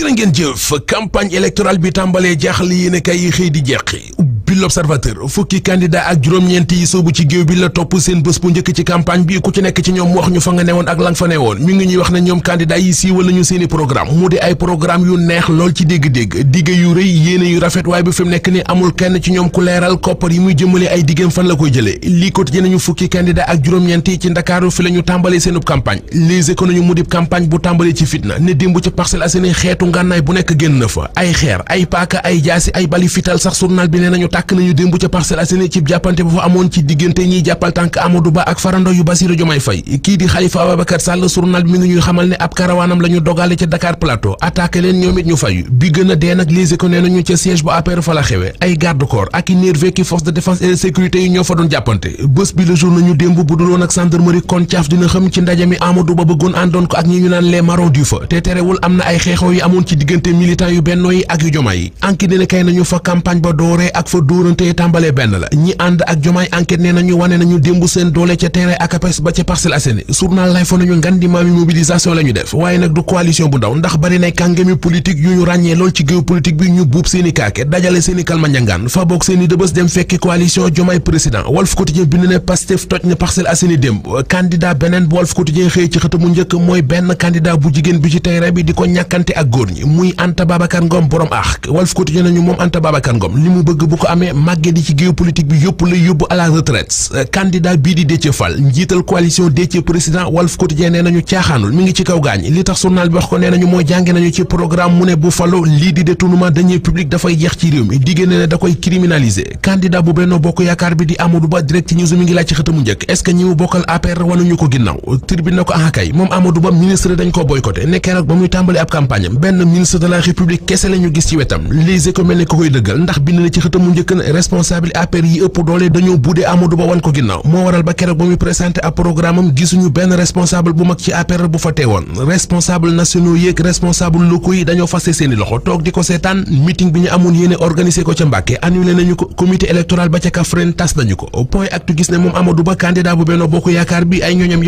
jërë ngeen jëf campagne électorale bi tàmbalee jaaxle yéen a kaay yi di jeqi ubbi l'observateur fukki candidat ak juróom-ñeent yi soobu ci géew bi la topp seen bés bu njëkk ci campagne bi ku ci nekk ci ñoom wax ñu fa nga newoon ak la nga fa newoon mi ngi ñuy wax ne ñoom candidat yi siiwal nañu seeni programme mu di ay programme yu neex lool ci dégg-dégg digge yu rëy yéene yu rafet waaye bi fi nekk ni amul kenn ci ñoom ku leeral koppar yi muy jëmale ay diggéem fan la koy jëlee lii ko tëjee nañu fukki candidat ak juróom-ñeent tàkk nañu démb ca Parcelles Assainies cib jàppante bu fa amoon ci diggante ñiy jàppal tànk Amadou Ba ak farando yu Bassirou Diomaye Faye kii di Khalifa Ababacar Sall journal bi mi ngi ñuy xamal ne ab karawaanam la dogale ca Dakar Plateau attaqué leen ñoom ñu fayu bi gën a dee nag Les Échos nee nañu ca siège bu APR fa la xewe ay garde corps ak i nerve ki force de défense sécurité yi ñoo fa doon jàppante bés bi le jour nañu démb bu duloon ak gendarmerie kon dóorante yi tàmbalee benn la ñi ànd ak jomaay enquête nee nañu wane nañu démb seen doole ca terrain ak APEX ba ca Parcelles Assainies journal lay fa nañu ngan di maami mobilisation def waaye nag du coalition bu ndaw ndax bari na kàngami politique yu ñu ràññee lool ci géopolitique bi ñu buub seeni kaake dajale seeni kalma fa boog seeni dëbës dem fekki coalition jomaay président Walf Quotidien bind ne Pastef toj na Parcelles Assainies démb candidat beneen amee màgget yi ci géopolitique bi yëpp la yóbbu à la retraite euh, candidat bii di Déthié Fall njiital coalition Déthié président Walf Quotidien nee nañu caaxaanul mi ngi ci kaw gaañ li tax journal bi wax ko nee nañu moo nañu ci programme mu ne bu falo lii di détournement deniers publics dafay jeex ci réew da koy criminaliser Bokk Yaakaar bi di Amadou Ba direct news mi ngi laaj ci xëtamu njëkk est-ce que ñi mu bokkal APR wanuñu ko ginnaaw tribune na ko ahakay moom Amadou Ba ministre dañ ko boycotté ne keroog ba muy tàmbali ab campagne benn ministre de la république kese la gis ci wetam Les Échos mel ne ko koy dëggal ndax bind na ci xëtamu njëkk dëkk na yi ëpp doole dañoo budee Amadou Ba wan ko ginnaaw moo waral ba keroog ba muy présenté ab programme gisuñu benn responsable bu mag ci APR bu fa teewoon responsable nationaux yeeg responsable locaux yi dañoo fase seeni loxo toog di ko seetaan meeting bi ñu amoon yéene organiser ko ca Mbàkke annulé nañu ko comité électoral ba ca Kaffrine tas nañu ko point actu gis ne moom Amadou Ba candidat bu Benno Bokk Yaakaar bi ay ñoñam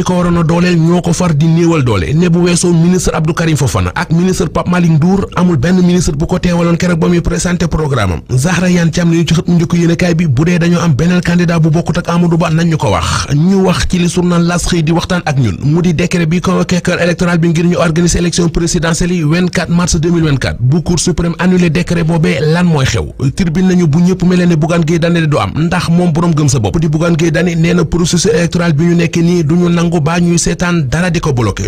yi ko ci xët mu njëkk yéenekaay bi bu dee dañoo am beneen candidat bu bokkut ak Amadou Ba nañ ko wax ñu wax ci li journal L'As xëy di waxtaan ak ñun mu di décret bi convoqué corps électoral bi ngir ñu organiser élection présidentielle yi 24 mars 2024 bu Cour suprême annulé décret boobee lan mooy xew tribune nañu bu ñëpp mel ne Bougane Gueye Dany du am ndax moom boroom gëm sa bopp di Bougane Gueye Dany nee na processus électoral bi ñu nekk nii du ñu nangu baa ñuy seetaan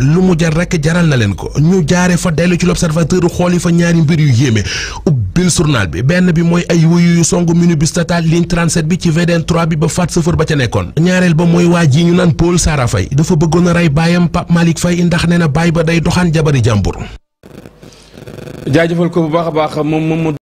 lu mu jar rekk jaral na leen ko ñu jaare fa dellu ci l'observateur xooli fa ñaari mbir yu yéeme ubbil journal bi benn bi mooy ay wuyu yu songu minibus Total ligne 37 bi ci VDN 3 bi ba faat sëfër ba ca nekkoon ñaareel ba mooy waa ji ñu naan Paul Sara Faye dafa bëggoon a rey baayam Pape Malick ndax nee na baay ba day doxaan jabari jàmbur jaajëfal ko bu baax a baax moom moom